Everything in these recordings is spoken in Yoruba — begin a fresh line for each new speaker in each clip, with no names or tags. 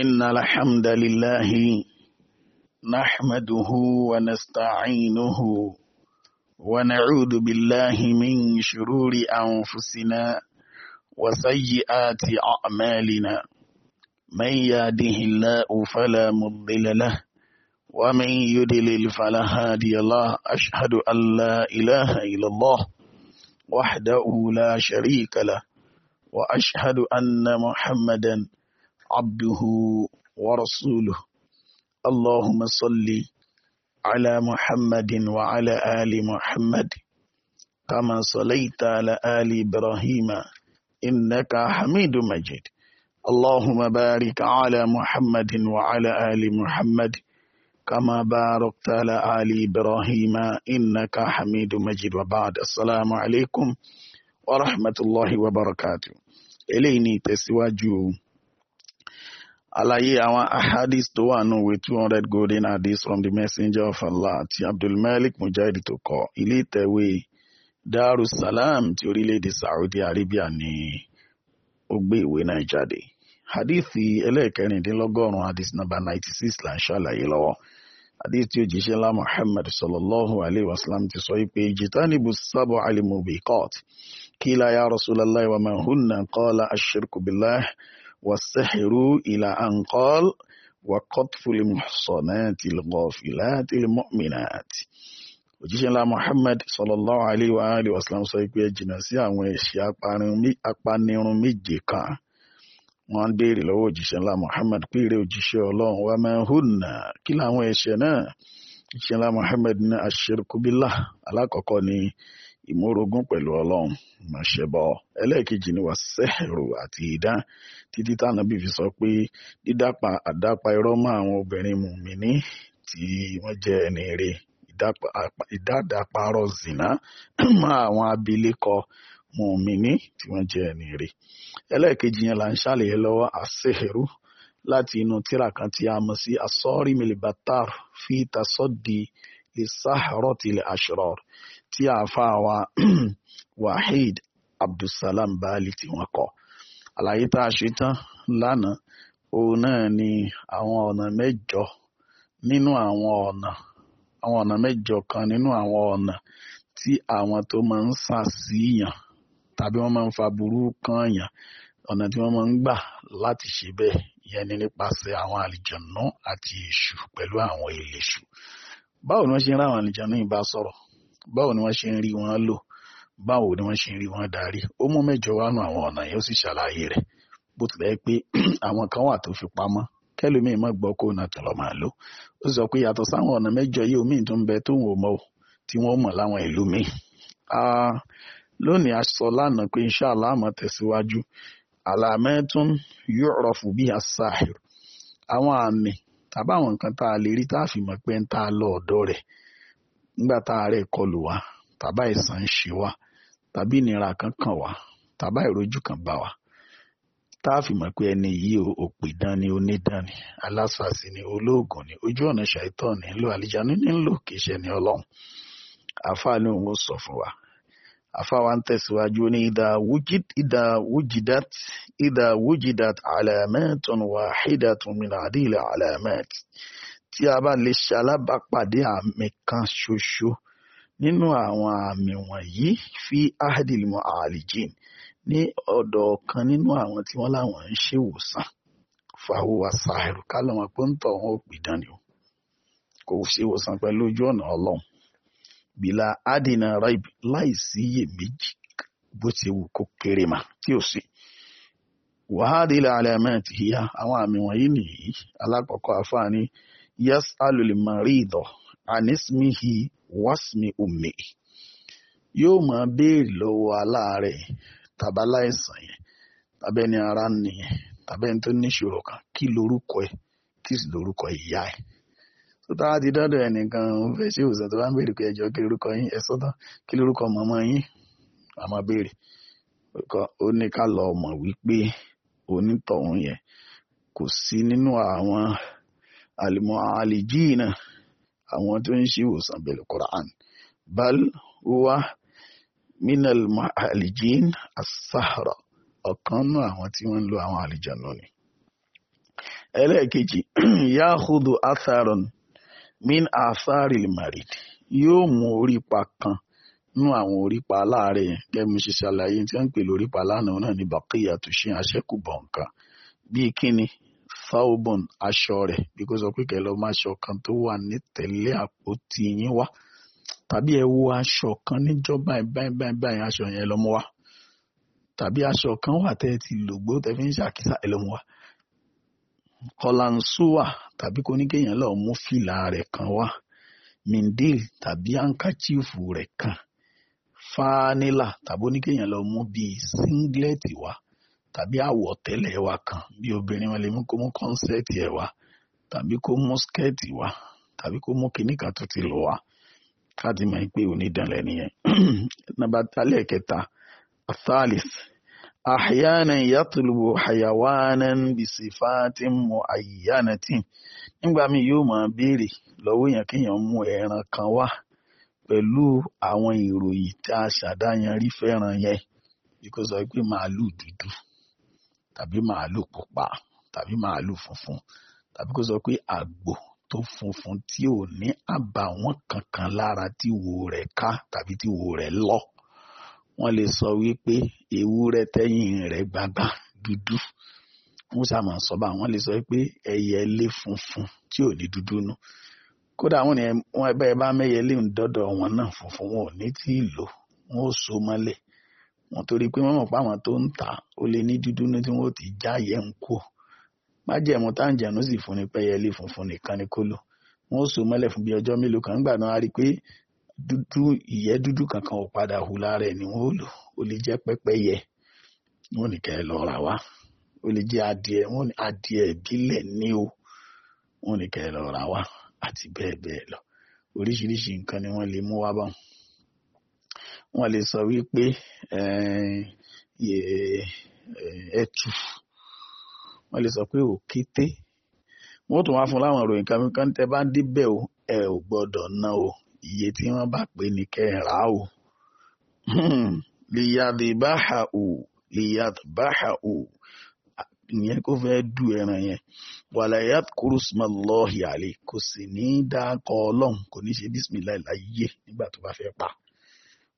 إن الحمد لله نحمده ونستعينه ونعوذ بالله من شرور أنفسنا وسيئات أعمالنا من يهده الله فلا مضل له ومن يدلل فلا هادي له أشهد أن لا إله إلا الله وحده لا شريك له وأشهد أن محمدا عبده ورسوله اللهم صل على محمد وعلى آل محمد كما صليت على آل إبراهيم إنك حميد مجيد اللهم بارك على محمد وعلى آل محمد كما باركت على آل إبراهيم إنك حميد مجيد وبعد السلام عليكم ورحمة الله وبركاته إليني تسواجه àlàyé àwọn ahadis tó wà nù with two hundred golden hadith from the messenger of allah ti abdulmalik mujahid tó kọ ilé ìtẹ̀wé darussalam ti orílẹ̀-èdè saudi arabia ní ó gbé ìwé náà jáde hadithi ẹlẹ́ẹ̀kẹrìndínlọ́gọ́rùn-ún hadith number ninety six là ń ṣàlàyé lọ́wọ́ hadith tí ó jíṣẹ́ lá muhammad sallallahu alayhi wa sallam ti sọ pé jitanibu sábọ̀ alimubi court kí la rasulallah wa man hunna qala ashirku billah. والسحر إلى أن قال وقطف المحصنات الغافلات المؤمنات òjíṣẹ́ ńlá Muhammad sallallahu alayhi wa alayhi wa sallam sọ pé jìnnà sí àwọn ẹ̀ṣẹ̀ apanirun méje kan wọ́n ń béèrè lọ́wọ́ òjíṣẹ́ ńlá Muhammad pé eré òjíṣẹ́ ọlọ́run wa ma hunna kí làwọn ẹ̀ṣẹ̀ náà òjíṣẹ́ ńlá Muhammad ní ash-shirku alákọ̀ọ́kọ́ ni ìmórogún pẹ̀lú ọlọ́run má ṣe bọ ẹlẹ́ẹ̀kejì ni wà sẹ́ẹ̀rù àti idán títí táwọn bí fi sọ pé dídápa àdápa irọ́ mọ́ àwọn obìnrin mùmíní tí wọ́n jẹ́ ẹni rè ìdádàparọ̀ zìnà mọ́ àwọn abilékọ mùmíní tí wọ́n jẹ́ ẹni rè ẹlẹ́ẹ̀kejì yẹn là ń ṣàlàyé lọ́wọ́ àṣehẹ̀rù láti inú tíra kan tí a mọ̀ sí asọ́rí milibatar fi tasọ́di lè sáhárọ̀ tilẹ̀ àṣọrọ̀ tí àáfàá wa Waheed Abdulsalam Baali tí wọ́n kọ àlàyé tá a ṣe tán lánàá òun náà ni àwọn ọ̀nà mẹ́jọ nínú àwọn ọ̀nà àwọn ọ̀nà mẹ́jọ kan nínú àwọn ọ̀nà tí àwọn tó máa ń sà síyàn tàbí wọ́n máa ń fa burú kan yàn ọ̀nà tí wọ́n máa ń gbà láti ṣe bẹ́ẹ̀ ìyẹn ni nípasẹ̀ àwọn àlìjọ̀nú àti èṣù pẹ̀lú àwọn èlèṣù báwo ni wọ́n ṣe ń ráwọn àlìjọ̀nú ìbá sọ̀rọ̀ báwo ni wọ́n ṣe ń rí wọn lò báwo ni wọ́n ṣe ń rí wọn darí ó mú mẹ́jọ wánu àwọn ọ̀nà yẹn ó sì ṣàlàyé rẹ̀ bó tilẹ̀ pé àwọn kan wà tó fi pamọ́ kẹlòmíì má gbọ́ kó náà tọ̀lọ̀ máa lò ó sọ pé yàtọ̀ sáwọn ọ̀nà mẹ́jọ yìí omi tó ń bẹ tóun ò mọ̀ tí wọ́n mọ̀ láwọn ìlú míì lónìí a lánàá pé inṣàlá àmọ́ tẹ̀síwájú àlàmẹ́tún yu'rafu bí as àwọn àmì tàbáwọn nǹkan tá a lè rí tá a fi mọ̀ pé ń tá a rẹ̀ nígbà tá àárẹ̀ kọlù wá tàbá ìsàn ń ṣe wá tàbí ìnira kan wá tàbá ìrojú kan bá wa tá a fi mọ̀ pé ẹni ni onídán ni alásàsì ni olóògùn ni ojú ọ̀nà ṣàìtọ́ ni ńlò àlìjánu ní kìí ṣe ni ọlọ́run àfáà ni òun sọ fún wa àfáà wa ń tẹ̀síwájú ní ìdá ìdá tí a bá lè ṣalábàápàdé àmì kan ṣoṣo nínú àwọn àmì wọ̀nyí fi ahadil mu'alijin ní ọ̀dọ̀ ọ̀kan nínú àwọn tí wọ́n láwọn ń ṣèwòsàn fàwọ́wà sàárù kálọ̀ wọn pé ń tọ̀ wọn ò pìdán ni o kò ṣèwòsàn pẹ̀lú ojú ọ̀nà ọlọ́run bìlà adìnà raib láìsí iyèméjì bó ti wù kó kéré mà tí ò sí wàhádìí làálẹ̀ mẹ́tìyà àwọn àmì wọ̀nyí nìyí alákọ̀ọ́kọ́ àfáàní yas'alu al-maridu an ismihi wasmi ummi yóò máa béèrè lọ́wọ́ aláàárẹ̀ tàbí aláìsàn yẹn tàbí ara nìyẹn tàbí ẹni tó níṣòro kan kí lorúkọ ẹ̀ kí sì lorúkọ ìyá ẹ̀ tó tá a ti dọ́dọ̀ ẹnìkan fẹ́ ṣe òsàn tó bá ń béèrè ẹ almu'alijina àwọn tó ń ṣe ìwòsàn bil Qur'an bal huwa minal mu'alijin as-sahara ọ̀kan nú àwọn tí wọ́n ń lo àwọn àlìjànú ni. ẹlẹ́ẹ̀kejì yahudu atharon min athari marid yóò mú orípa kan nú àwọn orípa aláàárẹ̀ yẹn kẹ́mi ṣe ṣàlàyé tí wọ́n ń pè lórípa lánàá náà ní bàkíyà tó ṣe àṣẹ́kù bọ̀ǹkan bíi kíni thawbon aṣọ rẹ̀ bí kò sọ pé kẹlẹ́ ọmọ aṣọ kan tó wà ní tẹ̀lé àpótí yín wá tàbí ẹ wo aṣọ kan níjọ́ báyìí báyìí báyìí báyìí aṣọ yẹn lọ́mọ wá tàbí aṣọ kan wà tẹ́ ti lògbó tẹ́ fi ń ṣàkísà ẹ lọ́mọ wá kọlansuwa tàbí kò ní kéèyàn lọ mú fìlà rẹ̀ kan wá mindil tàbí ankachifu rẹ̀ kan fanila tàbí oníkéèyàn lọ mú bíi singlet wá tàbí àwọ̀tẹ́lẹ̀ wa kan bí obìnrin wọn lè mú kó mú kọ́nsẹ́ẹ̀tì ẹ̀ wá tàbí kó mú skẹ́ẹ̀tì wá tàbí kó mú kinní kan tó ti lò wá káàdì mọ̀ pé onídànlẹ̀ nìyẹn. nàbà tálẹ̀ kẹta athalis ahyana yatlubu hayawanan bisifatin muayyanatin nígbà míì yóò máa béèrè lọ́wọ́ èèyàn kéèyàn mú ẹran kan wá pẹ̀lú àwọn ìròyìn tá a ṣàdáyanrí fẹ́ràn yẹn bí kò pé màálù dúdú tàbí màálù pupa tàbí màálù funfun tàbí kó sọ pé àgbò tó funfun tí ò ní àbàwọ́n kankan lára tí wo rẹ̀ ká tàbí tí wo rẹ̀ lọ wọ́n lè sọ wípé ewúrẹ́ tẹ́yìn rẹ̀ gbagba dúdú wọ́n sàmọ̀ sọ bá lè sọ wípé ẹyẹlé funfun tí ò ní dúdú nú kódà wọ́n ní wọ́n ẹbẹ bá mẹyẹlé ń wọn náà funfun wọn ò ní tí ì lò wọn ò so mọ́lẹ̀ wọ́n torí pé wọ́n mọ̀ pé àwọn tó ń tà ó lè ní dúdú ní tí wọ́n ti já yẹ̀ ń kú májẹ̀mú táǹjẹ̀nú sì fún ni pẹ́yẹlé funfun nìkan ni kó lò wọ́n ó mọ́lẹ̀ fún bí ọjọ́ mélòó kan nígbà náà a rí i pé dúdú ìyẹ́ dúdú kankan ò padà hù lára ẹ̀ ni wọ́n ó lò ó lè jẹ́ pẹ́pẹ́yẹ wọ́n ní kẹ́ ẹ lọ rà wá ó lè jẹ́ adìẹ wọ́n ní adìẹ ìbílẹ̀ ní o wọ́n ní kẹ́ ẹ lọ rà wá àti bẹ́ẹ̀ bẹ́ẹ̀ lọ oríṣiríṣi nǹkan ni wọ́n lè mú wá báwọn wọ́n lè sọ wípé ẹtù wọ́n lè sọ pé òkété wọ́n tún wá fún láwọn ìròyìn kan kan tẹ́ bá débẹ̀ o ẹ ò gbọ́dọ̀ ná o iye tí wọ́n bá pè ní kẹ́ ẹ̀ rà o lìyàdìbáhà o lìyàdìbáhà o ìyẹn kó fẹ́ du ẹran yẹn wàlàyàt kúrúsùmọ́lọ́ọ̀hì àlè kò sì ní í dá kọ́ ọlọ́run kò ní ṣe bísímìlá ìláyé nígbà tó bá fẹ́ pa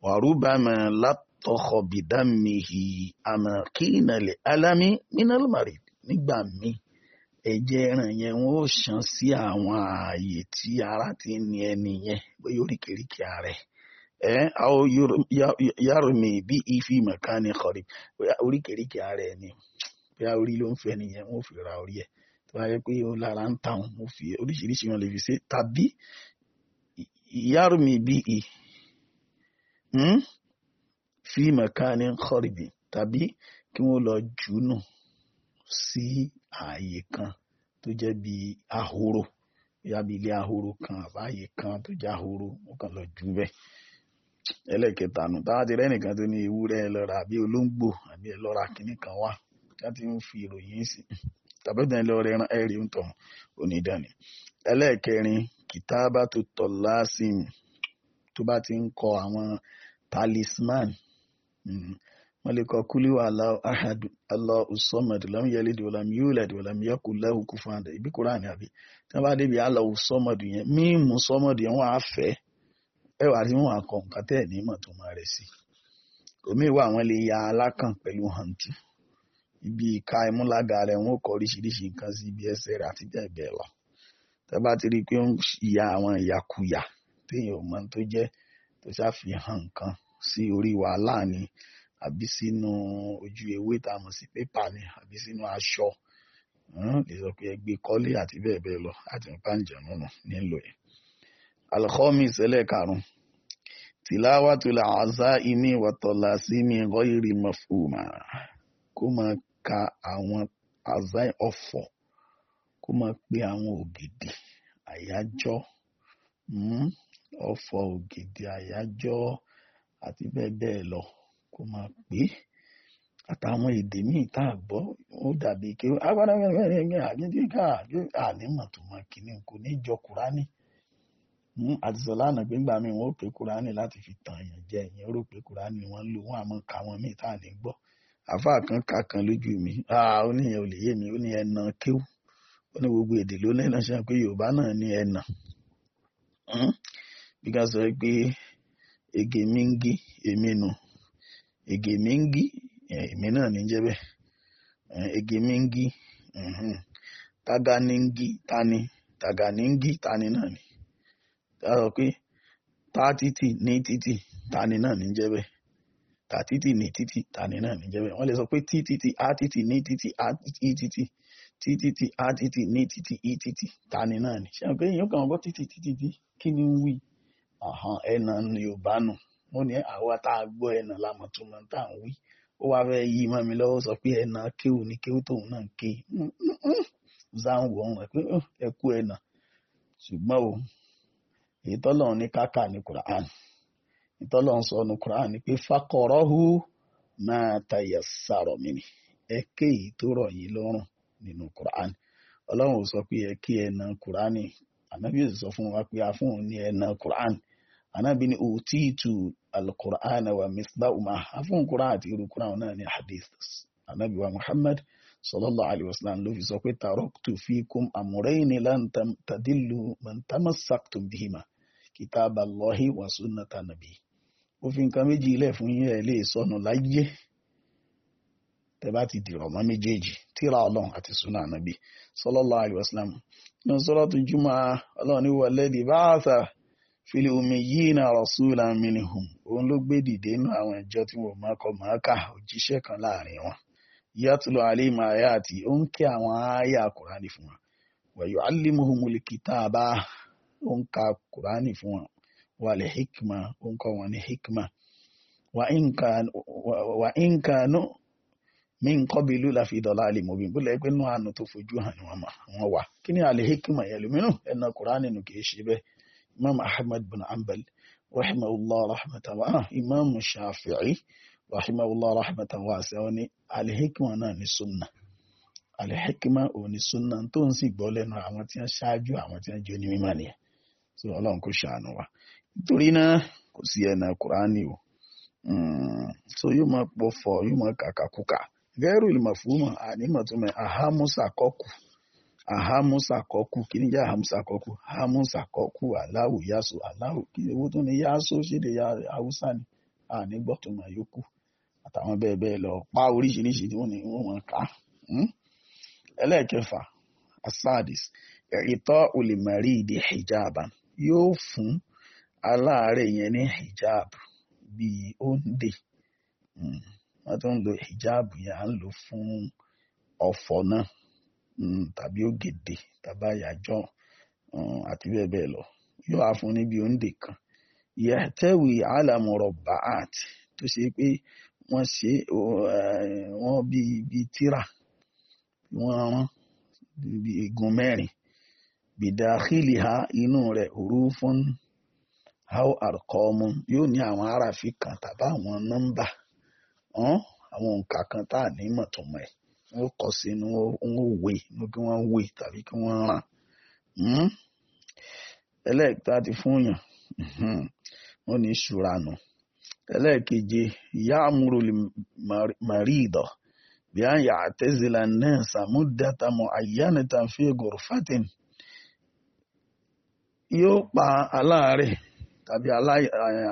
wàrúbàmà látọkọ bìdámihì àmàkínà lè alámi mínálùmárì nígbà míì ẹ̀jẹ̀ ẹran yẹn wọn ò ṣàn sí àwọn ààyè tí ara ti ń ní ẹni yẹn bóyá oríkèéríkèé ààrẹ ẹ àwọn yàrùmí bí ifi mẹkánì kọrí bóyá oríkèéríkèé ààrẹ ni bóyá orí ló ń fẹ́ nìyẹn wọn ò fi ra orí ẹ tó bá yẹ pé ó lára ń tàn wọn fi oríṣiríṣi wọn lè fi ṣe tàbí yàrùmí bí i Hmm? fi mẹ̀kánì kọ́rìbì tàbí kí wọ́n lọ jùnù sí ààyè kan tó jẹ́ bí ahoro yàbí ilé ahoro kan àbáyé kan tó jẹ́ ahoro wọ́n kàn lọ jù bẹ́ẹ̀ ẹlẹ́kẹta nù táwọn ti rẹ́nìkan tó ní ewúrẹ́ lọ́ra àbí olóńgbò àbí ẹlọ́ra kìíní kan wà láti ń fi ìròyìn sí tàbí ìdáni lọ́rẹ́ ẹ̀rí ń tọ̀ onídàáni ẹlẹ́ẹ̀kẹrin kìtàbà tó tọ̀ láásìmù tó bá ti ń kọ àwọn talisman mm-hmm, wọ́n lè kọ kúlíwà aláùsọ́mọ̀dì lọ́mú yẹlé dìwọ̀lámù yóò lẹ̀ dìwọ̀lámù yẹ́kù lẹ́hùn kú fún àdá ìbí kúrò àní àbí tí wọ́n bá débi aláùsọ́mọ̀dì yẹn mímú sọ́mọ̀dì yẹn wọ́n á fẹ́ ẹwà tí wọ́n á kọ nǹkan tẹ́ ẹ̀ ní mọ̀ tó máa rẹ̀ sí omi ìwà àwọn lè ya alákàn pẹ̀lú hàǹtì ibi ìka ìmúlága rẹ̀ wọ́n kọ oríṣiríṣi nǹkan sí ibi ẹsẹ̀ rẹ̀ àti bẹ́ẹ̀ bẹ́ẹ̀ lọ tẹ́ bá ti rí i pé ó ń ya àwọn ìyàkuyà téèyàn ò mọ̀ tó jẹ́ tó ṣàfihàn nǹkan sí orí wàhálà ni àbí sínú ojú ewé tá a mọ̀ sí pépà ni àbí sínú aṣọ lè sọ pé ẹgbẹ́ kọ́lé àti bẹ́ẹ̀ bẹ́ẹ̀ lọ àti nípa ìjẹ̀nu nù nílò ẹ̀. alkhomi ìṣẹ̀lẹ̀ karùn-ún tìláwàtúlà àzá imi wàtọ̀là sí mi gọ́yìrì mọ̀fùmá kó máa ka àwọn àzá ọ̀fọ̀ kó máa pe àwọn ògidì àyájọ́ ọ̀fọ̀ ògèdè àyájọ́ àti bẹ́ẹ̀ bẹ́ẹ̀ lọ kó máa pè é àtàwọn èdè míì tá a gbọ́ ó dàbí kí agbádágbẹ́rẹ́gbẹ́ àgídíkà ànímọ̀ tó máa kíní kò ní jọ kúránì àti sọ lánàá pé ńgbà míì wọn ò pé kúránì láti fi tàn yàn jẹ ìyẹn rò pé kúránì wọn lò wọn àmọ́ ka wọn míì tá a ní gbọ́ àfa kan kan lójú mi ó ní ìyẹn ò yé mi ó ní ẹnà kéwù ó ní gbogbo èdè ló lẹ́nà ṣe pé Yorùbá náà ní ẹnà bí ká ege mi ń ege mi ń gí èmi náà ege mi ń gí tága ní tani tàgà ní tani náà ni ká sọ pé ta títì ní títì tani náà ní jẹ́ bẹ́ẹ̀ ta títì ní tani náà ní jẹ́ bẹ́ẹ̀ wọ́n lè sọ pé ti títì a títì ní títì a ti títì a títì ní títì i títì tani náà ni ṣé àwọn pé èèyàn kàn wọ́n gbọ́ títì títì kí ni ń wí. Aha, yorùbá nù ó ní àwa tá a gbọ́ ẹnà làmọ̀ tó mọ̀ tá à ń wí ó mi sọ pé ẹnà kéwù ni kéwù tóun na ń ké záwọn wọ̀ ọ́n pé ẹ kú ẹnà ṣùgbọ́n o èyí ní sọ ní quran máa tayà sàrọ̀ mi ni ẹ ké tó rọ̀ sọ pé ẹ ké quran sọ fún wa pé a fún òun anábì ní òtíìtù alkùránà wa misbáhù máa afún kùrán àti irú kùrán náà ní hadith anábì wa muhammad sallallahu alayhi wa sallam ló fi sọ pé taraktu fikum amrayni lan tadillu man tamassaktum bihima kitaballahi wa sunnata nabi ó fi nǹkan méjì ilẹ̀ fún yín ẹ̀ lè sọnù láyé tẹ bá ti dìrọ̀ mọ́ méjèèjì tíra ọlọ́run àti súnà nàbí sallallahu alayhi wa sallam ní sọ́lọ́tù jùmọ̀ ọlọ́run ní wọlé di fili omi yìí náà òun ló gbé dìde nínú àwọn ìjọ tí wọn mọ̀ọ́kọ mọ̀ọ́kà òjíṣẹ́ kan láàrin wọn yàtúlọ̀ àlímọ̀ àyà àti ó kí àwọn àyà kùránì fún wọn wẹ̀yọ̀ alímọ̀húnmùlì kìtà bá ó ka kùránì fún wọn hikma ó ń wọn ní hikma wà ń mí ń nù tó fojú hàn hikma kùránì nù ṣe imam ahmed bin ambal rahimahullah rahmatan wa ah imam shafi'i rahimahullah rahmatan wa ṣe wọn ni alihikima náà ni sunna alihikima ò ní sunna tó ń sì gbọ́ lẹ́nu àwọn tí wọ́n ṣáájú àwọn tí wọ́n jẹ́ onímọ̀ nìyẹn tí ọlọ́run kò ṣàánú wa nítorí náà kò sí ẹ̀nà kùránì o hmm, so yóò máa pọ̀ fọ yóò máa kàkàkùkà gẹ́rù ìmọ̀ fún mọ̀ àhámúsà kọ́kù àhámúsàkọ́kù kí ní jẹ́ àhámúsàkọ́kù àhámúsàkọ́kù aláwù yáso aláwù kí owó tó ní yáso ya haúsá ni ànígbọ̀tùmọ̀ àtàwọn lọ pa oríṣiríṣi tí ní wọ́n mọ̀ ká. Hmm? ẹlẹ́ẹ̀kẹfà asadis ìtọ́ olèmọ̀rí ìdí hijab yóò fún yẹn ní hijab bíi òǹdè hmm. wọ́n tó ń lo hijab yẹn à ń lò fún náà Mm, tàbí ògèdè tàbí àyájọ́ mm, àti bẹ́ẹ̀ bẹ́ẹ̀ lọ yóò á fún níbi òǹdè kan yẹtẹwì alamurọba art tó ṣe pé wọ́n ṣe eh, wọ́n bí bí tíra wọ́n rán bí igun mẹ́rin bìdáhìlì ha inú rẹ̀ òru fún how are common yóò ní àwọn aráàfin kan tàbí àwọn nọ́mbà àwọn òǹkà kan tá à ní mọ̀tòmọ̀ ẹ̀ wọ́n kọ sínú wọ́n wé inú kí wọ́n wé tàbí kí wọ́n ràn hmm? ẹlẹ́ẹ̀kẹtàdì fún yàn hmm. wọ́n ní ṣùrànù ẹlẹ́ẹ̀keje ìyá àmúrò màríìdọ̀ bí a yà àtẹ́zìlà náà sàmúdàtàmọ̀ àyánìtàn fi gòrfàtìn yóò pa aláàárẹ̀ tàbí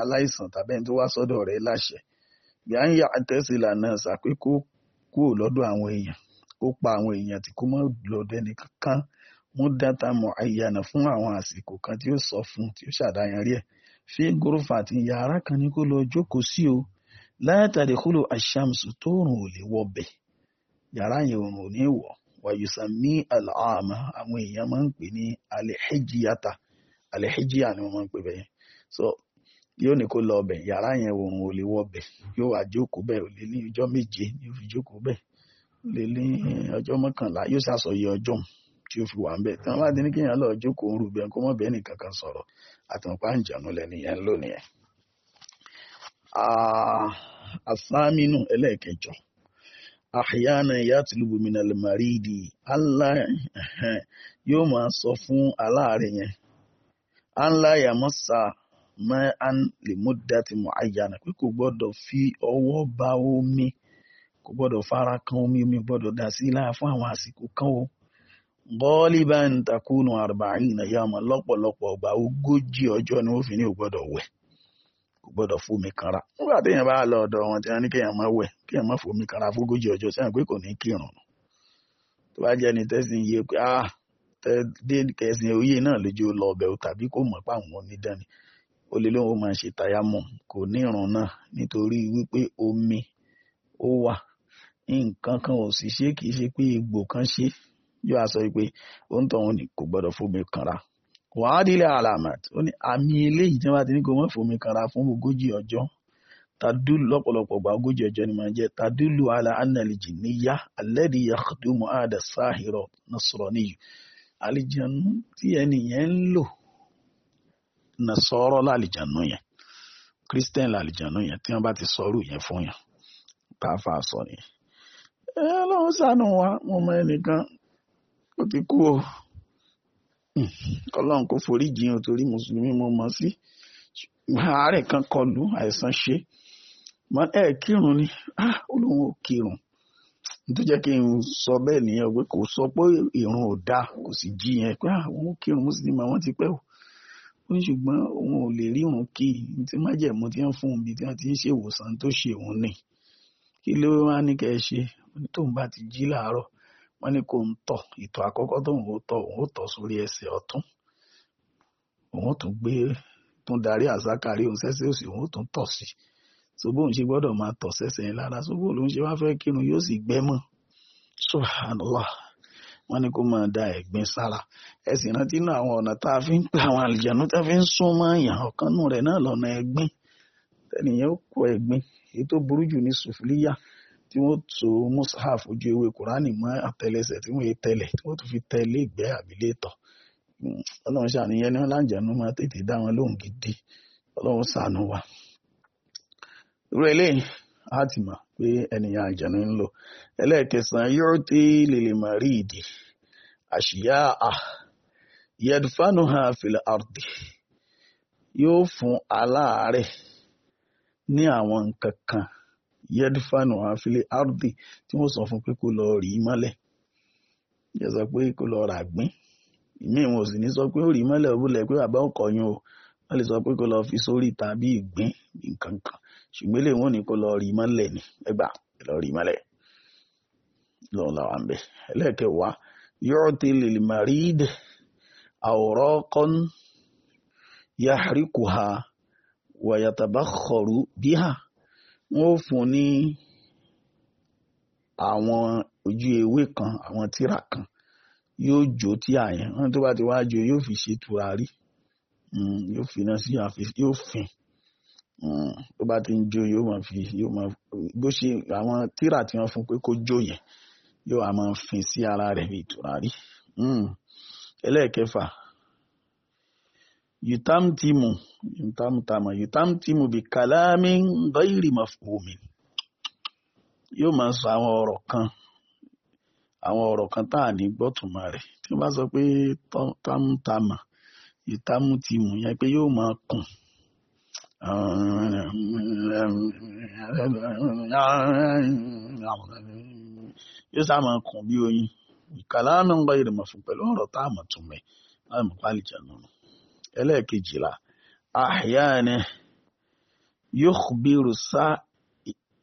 aláìsàn tàbí ẹni tó wá sọ́dọ̀ rẹ̀ láṣẹ bí a yà àtẹ́sílà náà sàpé kúrò lọ́dọ̀ àwọn èèyàn ó pa àwọn èèyàn tí kò mọ̀ lọ́dọ̀ ẹnì kankan wọ́n dáta mọ̀ àyànà fún àwọn àsìkò kan tí ó sọ fún tí ó ṣàdáyanrí ẹ̀ fi gòròfà àti yàrá kan ní kó lọ jókòó sí o látàrí kúlò àṣàmùsù tó rùn ò lè wọbẹ̀ yàrá yẹn òrùn ò ní wọ̀ wàyùsà ní àlàámà àwọn èèyàn máa ń pè ní àlẹ́hẹ́jìyàtà àlẹ́hẹ́jìyà ni wọ́n máa ń pè bẹ́ẹ̀ so yóò ní kó lọ ọbẹ yàrá yẹn òun ò lè wọ yóò wá jókòó bẹ́ẹ̀ ò lè ní ọjọ́ méje yóò fi jókòó bẹ́ẹ̀ ò lè ní ọjọ́ mọkànlá yóò ṣàṣọyẹ ọjọ́ tí ó fi wà ń tí wọ́n bá ti ní kéèyàn lọ jókòó ń rúbẹ̀ kó mọ̀ bẹ́ẹ̀ nìkan asaminu ẹlẹ́ẹ̀kẹjọ àhìyáná ìyá tìlúbù mi nàlẹ́ màrídì yóò sọ fún aláàárẹ̀ yẹn ma'an lè muddati mu'ayyana pé kò gbọ́dọ̀ fi ọwọ́ ba omi kò gbọ́dọ̀ fara kan omi omi gbọ́dọ̀ dà sí láà fún àwọn àsìkò kan o gọ́ọ́líbán takunu arba'ina yàmọ̀ lọ́pọ̀lọpọ̀ ọgbà ogójì ọjọ́ ni wọ́n fi ní ò gbọ́dọ̀ wẹ̀ kò gbọ́dọ̀ fomi kanra nígbà téèyàn bá lọ ọ̀dọ̀ wọn tí wọ́n ní kéèyàn máa wẹ̀ kéèyàn máa fomi kanra fógójì ọjọ́ sẹ́yìn pé kò ní kírun tó bá jẹ́ ni tẹ́sí iye pé ah tẹ́ dé kẹsìn oyè náà lójú lọ tàbí kò mọ̀ páwọn onídàáni ó lè lóun ó máa ṣe tàyámù kò ní ìrun náà nítorí wípé omi ó wà nǹkan kan ò sì ṣe kì í ṣe pé egbò kan ṣe yóò sọ pé ó ń tọ̀hún ni kò gbọ́dọ̀ fómi kanra wàádìílẹ̀ alamat ó ní àmì eléyìí tí wọ́n bá ti ní kó mọ́ fómi kanra fún ogójì ọjọ́ tadúlù lọ́pọ̀lọpọ̀ gba ogójì ọjọ́ ni máa jẹ́ tadúlù ala analiji níyà alẹ́dí yakhdumu ada sáhìrọ̀ nasọ̀rọ̀ níyù àlìjẹun tí ẹnìyẹn ń lò nasọ́rọ́ lálìjànú yẹn christian lálìjànú yẹn tí wọ́n bá ti sọ́rù yẹn fún yẹn tá a sọ nìyẹn. ẹ ọlọ́run ṣàánú wa mo mọ ẹnìkan ó ti kú o hmm, ọlọ́run kò forí jiyàn torí mùsùlùmí mo mọ̀ sí àárẹ̀ kan kọlù àìsàn ṣe ẹ kírun ni olóhùn ah, ò kírun tó jẹ́ kí n sọ bẹ́ẹ̀ nìyẹn pé kò sọ pé ìrun ò dáa kò sì jiyàn pé àwọn ah, kírun mùsùlùmí àwọn ti pẹ́ o ó ní ṣùgbọ́n òun ò lè rí òun kì í tí májẹ̀mú tí wọ́n fún òun bí tí wọ́n ti ń ṣèwòsàn tó ṣe òun ni kí ló wá ní kẹ́ ẹ ṣe tóun bá ti jí làárọ̀ wọ́n ní kó ń tọ̀ ìtọ̀ àkọ́kọ́ tóun ó tọ̀ òun ó tọ̀ sórí ẹsẹ̀ ọ̀tún òun ó tún gbé tún darí àsákàrí òun sẹ́sẹ̀ òsì òun ó tún tọ̀ sí ṣùgbọ́n òun ṣe gbọ́dọ̀ máa tọ̀ sẹ́sẹ̀ yẹn lára ṣùgbọ́n òun ṣe wá fẹ́ kírun yóò sì gbẹ́mọ̀ subhanallah wọ́n ní kó máa da ẹ̀gbin sára ẹ sì rántí náà àwọn ọ̀nà tá a fi ń pè àwọn àlìjànú tá a fi ń sún mọ́ èèyàn ọ̀kan nù rẹ̀ náà lọ́nà ẹ̀gbin tẹnìyàn ó kó ẹ̀gbin èyí tó burú jù ní sùfúlíyà tí wọ́n so mushaf ojú ewé kùránì mọ́ àtẹlẹsẹ̀ tí wọ́n yé tẹlẹ̀ tí wọ́n tún fi tẹlé ìgbẹ́ àbílẹ̀ ọlọ́run ṣàníyàn ní wọn láǹjànú máa tètè dá wọn lóhùn gidi ọlọ́run ṣàánú wa. irú hátìmá pé ènìyàn àjẹ̀nú ń lò ẹlẹ́ẹ̀kẹsàn-án yóò tí lèlè màrí ìdì àṣìyá à yẹdùfánù hàn fìlà àrùdì yóò fún aláàárẹ̀ ní àwọn nǹkan kan yẹdùfánù hàn fìlà àrùdì tí wọ́n sọ fún pé kó lọ rí mọ́lẹ̀ pé kó lọ rà gbìn ìmí ìwọ̀n sì ní sọ pé ó rí mọ́lẹ̀ òbúlẹ̀ pé o wọ́n lè sọ pé kó lọ fi sórí ìgbín ṣùgbọ́n lè wọ́n ní kó lọ rí mọ́lẹ̀ ni ẹgbà lọ rí mọ́lẹ̀ lọ́n làwọn bẹ̀ ẹlẹ́kẹ̀wá yóò ti lè marid àwòrán kan yàríkù ha wàyàtàbá kọ̀rù bí ha wọ́n fún ní àwọn ojú ewé kan àwọn tírà kan yóò jó tí àyàn wọn tó bá ti wá jó yóò fi ṣe tùràrí hmm, yóò fi náà sí àfi yóò fin tó bá ti ń jó yóò máa fi yóò máa bó ṣe àwọn tírà tí wọ́n fún pé kó jó yẹn yóò á máa fin sí ara rẹ̀ bí tùràrí. Hmm. ẹlẹ́ẹ̀kẹfà yutamtimu yutamtama yutamtimu bi kalami ghairi mafhumi yóò máa sọ àwọn ọ̀rọ̀ kan àwọn ọ̀rọ̀ kan tá à ní gbọ́tùmọ̀ rẹ̀ tí wọ́n bá sọ pé tamtama yutamtimu yẹn pé yóò máa kùn yóò sá máa kàn bí oyin ìkàlámù ń gbọ́ ìrìnmọ̀ fún pẹ̀lú ọ̀rọ̀ tá a mọ̀ tún mẹ́ láì mọ̀ pálí jẹ̀ nínú ẹlẹ́ẹ̀kejìlá àhíyáni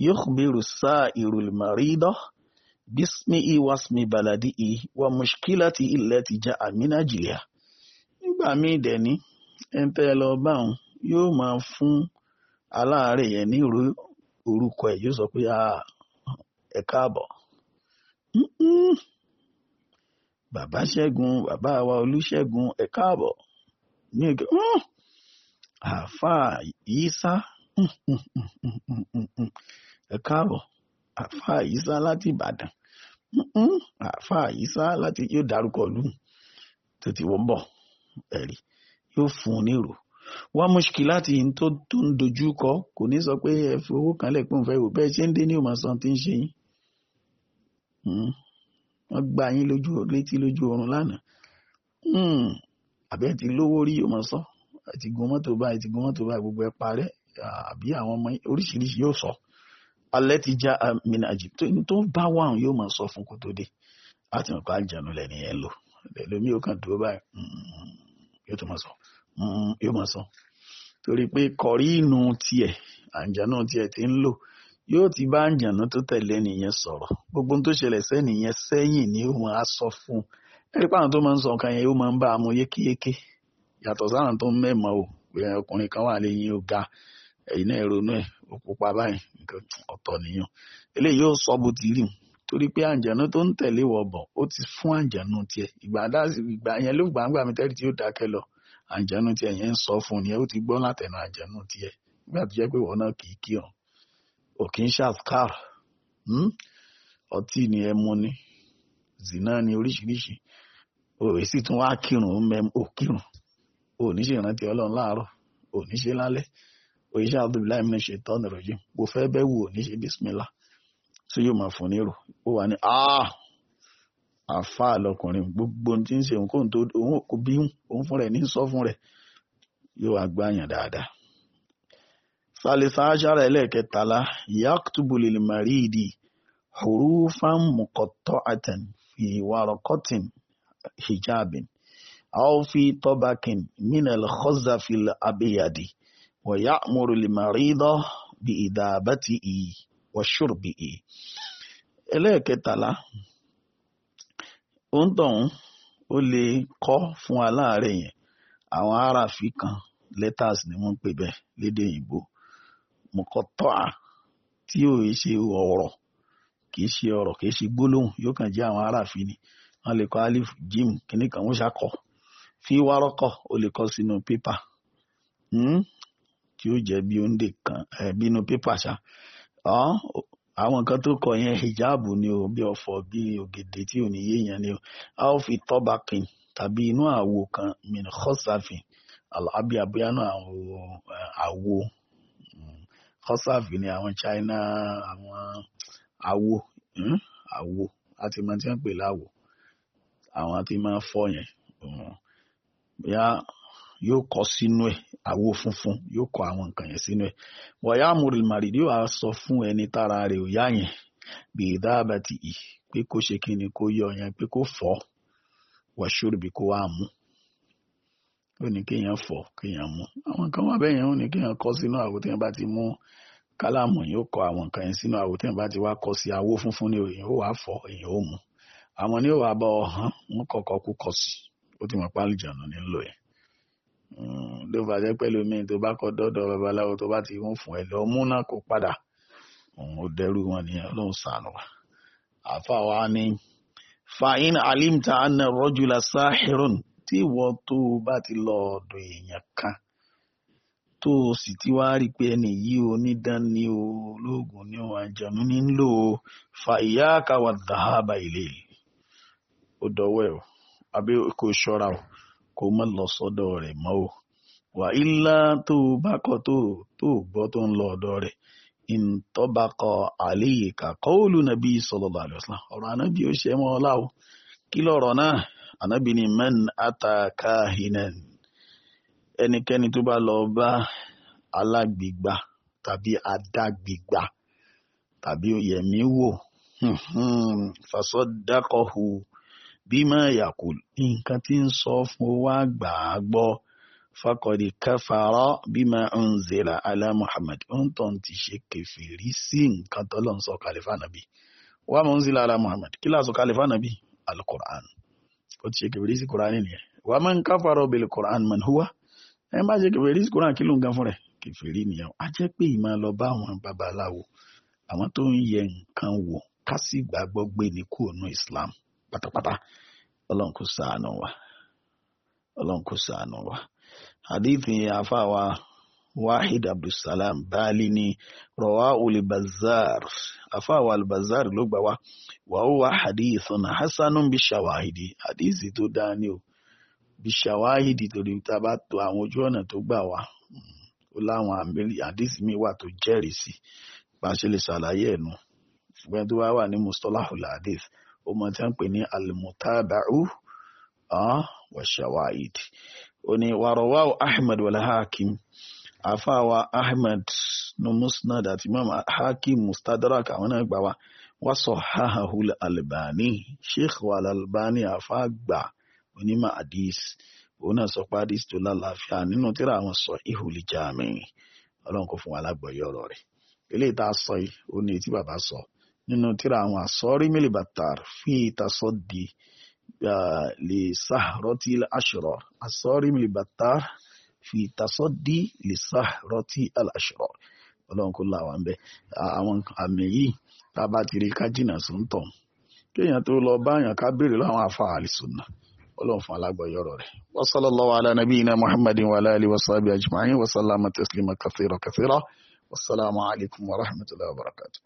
yóò sá ìrùlmọ̀rídọ́ bísmí ìwásmí bàlàdí ì wà mùṣkílá ti ilẹ̀ ti já àmínà jìlíà nígbà míì dẹ̀ ní ẹ̀ ń tẹ́ lọ báwọn yóò máa fún aláàárẹ̀ yẹn ní ìró orúkọ ẹ̀ yóò sọ pé ẹ káàbọ̀ bàbá ṣẹ́gun bàbá wa olúṣẹ́gun ẹ káàbọ̀ ní ẹ̀kẹ́ àáfàá yísà ẹ káàbọ̀ àáfàá yísà láti ìbàdàn àáfàá yísà láti yóò dárúkọ lù tó wọ́n bọ̀ ẹ̀rí yóò fún un ní ìró wá mùṣkílàtì yìí tó tó ń dojú kọ kò ní sọ pé ẹ fi owó kan lẹ̀ pé òun fẹ́ wò bẹ́ẹ̀ ṣé ń dé ní òmà san tí ń ṣe yín hmm. wọ́n gba yín lójú létí lójú oorun lánàá hmm. àbẹ́ ti lówó rí òmà san àti gun mọ́tò báyìí àti gun mọ́tò báyìí gbogbo ẹ parẹ́ àbí àwọn ọmọ oríṣiríṣi yóò sọ alẹ́ ti já ah, mina tó ń bá wàhùn yóò máa sọ fún kó tó dé láti mọ̀ pé àjànú lẹ́ni yẹn lò lẹ́lómi ò kàn dúró báyìí hmm. yóò tó máa sọ. Mm-hmm. yóò máa sọ torí pé kọ̀rí inú tiẹ̀ àǹjànú tiẹ̀ ti ń lò yóò ti bá àǹjànú tó tẹ̀lé nìyẹn sọ̀rọ̀ gbogbo tó ṣẹlẹ̀ sẹ́nìyẹn sẹ́yìn ni ó máa sọ fún un ẹ̀rí pàrọ̀ tó máa ń sọ nǹkan yẹn ó máa ń bá a mú yékéyéké yàtọ̀ sáwọn tó ń mẹ́mọ́ o ọkùnrin kan wà lẹ́yìn ó ga ẹ̀yìn náà ronú ẹ̀ ó pupa báyìí nǹkan ọ̀tọ̀ nìyàn eléyìí yóò sọ bó ti rí torí pé àǹjànú tó ń tẹ̀lé wọ̀ bọ̀ ó ti fún àǹjànú tiẹ̀ ìgbà yẹn ló gbàǹgbà mi tẹ́rì tí ó dákẹ́ lọ àǹjẹ̀nú tiẹ̀ yẹn ń sọ fún un yẹn ó ti gbọ́ látẹ̀nu àǹjẹ̀nú tiẹ̀ nígbà tó jẹ́ pé wọn náà kì í kírun ò kì hmm? ọtí ni ẹmu ni zina ni oríṣiríṣi òwe sì tún wá kírun ò kírun ò ní ṣe ìrántí ọlọ́run láàárọ̀ ò ní ṣe lálẹ́ òye ṣe àdúgbò láì mìíràn ṣe tọ́nà rẹ̀ jù mo fẹ́ bẹ́ wù ò ní ṣe bísímìlà tí yóò máa fún ní rò ó wà ní ah! àfa lọkùnrin gbogbo tí ń ṣe nǹkan tó òun kò bí òun fún rẹ̀ ní sọ fún rẹ̀ yóò wá gbàyàn dáadáa. salisa aṣara ẹlẹ́ẹ̀kẹtàlá yaktubu lil maridi hurufan muqatta'atan fi waraqatin hijabin aw fi tabakin min al-khazafi al-abyadi wa ya'muru lil marida bi idabatihi ẹlẹ́ẹ̀kẹtàlá òǹtọ̀hún ó lè kọ́ fún aláàárẹ̀ yẹn àwọn aráàfin kan letters ni wọ́n ń pè bẹ́ẹ̀ lédè òyìnbó mọ̀kọ́tọ́à tí ò ń ṣe ọ̀rọ̀ kìí ṣe ọ̀rọ̀ kìí ṣe gbólóhùn yóò kàn jẹ́ àwọn aráàfin ni wọ́n lè kọ́ alif jim kìíní kan wọ́n ṣàkọ́ fi wárọ́kọ̀ ó lè kọ́ sínú pépà hmm? tí ó jẹ́ bí ó ń dè kan bínú pépà ṣá àwọn nǹkan tó kọ yẹn hijab ni o bí ọ̀fọ̀ bí ògèdè tí ò ní yé yẹn ni o a ó fi tọ́bàkìn tàbí inú àwo kan min khosafin àbí abiyanu àwọn àwo hmm. khosafin ni àwọn China àwọn àwo hmm. àwo àti mọ̀ tí pè láwo àwọn àti máa fọ́ yẹn hmm yóò kọ sínú ẹ̀ àwo funfun yóò kọ àwọn nǹkan yẹn sínú ẹ̀ wọ̀yá amúrìlmàrì yóò wá sọ fún ẹni tára rẹ̀ ò yá yẹn bí ìdáàbàtì ì pé kó ṣe kí ni kó yọ yẹn pé kó fọ́ wàṣúrùbí kó wá mú ó ní kéèyàn fọ́ kéèyàn mú àwọn kan wà bẹ́ẹ̀ yẹn ó ní kéèyàn kọ sínú àwo téèyàn bá ti mú kálámù yóò kọ àwọn nǹkan yẹn sínú àwo téèyàn bá ti wá kọ sí àwo funfun ni èèyàn ó wá fọ́ èèyàn ó mú àwọn ni ó wà bá ọ wọn kọkọ kú kọ sí ó ti mọ pálí jàǹdà nílò yẹn ló mm, bá jẹ́ pẹ̀lú mi tó bá kọ dọ́dọ̀ babaláwo tó bá ti mú fún ẹ lọ mú náà kó padà mm, ó dẹrú wọn nìyẹn ọlọ́run sànù wa àfa wa ni fa'in alimta anna rọ́jùlá sáhírùn tí ìwọ tó bá ti lọ ọ̀dọ̀ èèyàn kan tó o sì ti wá rí pé ẹni yìí onídán ni o olóògùn ni o àjànú ní ń lò ó fa ìyá àkàwà dàhábà ilé ó dọwọ́ ẹ̀ o àbí kò ṣọ́ra o kó má lọ sọ́dọ̀ rẹ̀ mọ́ o wà ilá tó bá kọ́ tó tó gbọ́ tó ń lọ ọ̀dọ̀ rẹ̀ ìtọ́bakọ àléyè kàkọ́ òlu nàbí sallallahu alaihi wasallam ọ̀rọ̀ ànábì ó ṣe mọ́ ọlá o kí lọ̀rọ̀ náà ànábì ni man ataka hinan ẹnikẹ́ni tó bá lọ bá alágbègbà tàbí adágbègbà tàbí yẹ̀mí wò fasọ́dákọ̀hù. Hmm, hmm bímọ yakul nǹkan tí ń sọ fún wa gbà á gbọ́ fakọ̀dì káfàárọ̀ bímọ unzila ala muhammad ọ̀ǹtọ̀n ti ṣe kẹfìrí sí nǹkan tó lọ́n sọ kàlífà nàbí wa munzila ala muhammad kí láṣọ kàlífà nàbí alukur'an ó ti ṣe kẹfìrí sí kur'an nìyẹn wa man káfàárọ̀ bil kur'an man huwa ẹ má ṣe kẹfìrí sí kur'an kí ló ń gan fún rẹ̀ kẹfìrí nìyẹn a jẹ́ pé ìmọ̀ lọ bá àwọn babaláwo àwọn tó ń yẹ nǹkan wò ká gbé ní kúrò islam pátápátá ọlọ́run kò ṣàánú wa ọlọ́run kò ṣàánú wa hadith yẹn afáwa wahid abdulsalam baali ni rọwá olùbazar afáwa olùbazar ló gbà wá wàhùwà hadithun hasanun bishawahidi hadith tó dáa ni o bishawahidi torí tá bá to àwọn ojú ọ̀nà tó gbà wá ó láwọn àdìsí mi wà tó jẹ́rìí sí bá a ṣe lè ṣàlàyé ẹ̀ nu ṣùgbọ́n tó bá wà ní mustalahul hadith ó mọ tí wọ́n pè ní almutaba'u wa shawaid ó ní wàrọ̀wá ahmed wàlá hakim àfáàwà ahmed nu musnad àti imam hakim mustadrak àwọn náà gbà wá wọ́n sọ hahahul albani sheikh wa albani àfáàgbà onímọ̀ hadith òun náà sọ pé hadith tó lálàáfíà nínú tíra àwọn sọ ihul jami ọlọ́run kò fún wa lágbọ̀ọ́yọ̀ rẹ̀ eléyìí tá a sọ yìí ó ní etí bàbá sọ nínú tíra àwọn àsọ́rí mélibàtàr fi ìtàsọ́dì lè sáàrọ́tì aṣọ́rọ̀ àsọ́rí mélibàtàr fi ìtàsọ́dì lè sáàrọ́tì aṣọ́rọ̀ ọlọ́run kò láwa ń bẹ àwọn àmì yìí tá a bá ti rí ká jìnnà sí ń tàn kéèyàn tó lọ báyàn ká béèrè láwọn afa àlìsùnà ọlọ́run fún alágbọ̀yọ̀ ọ̀rọ̀ rẹ̀. wa sallallahu ala nabiyina muhammadin wa alihi wa sahbihi ajma'in wa sallama taslima kathira kathira wa rahmatullahi wa barakatuh.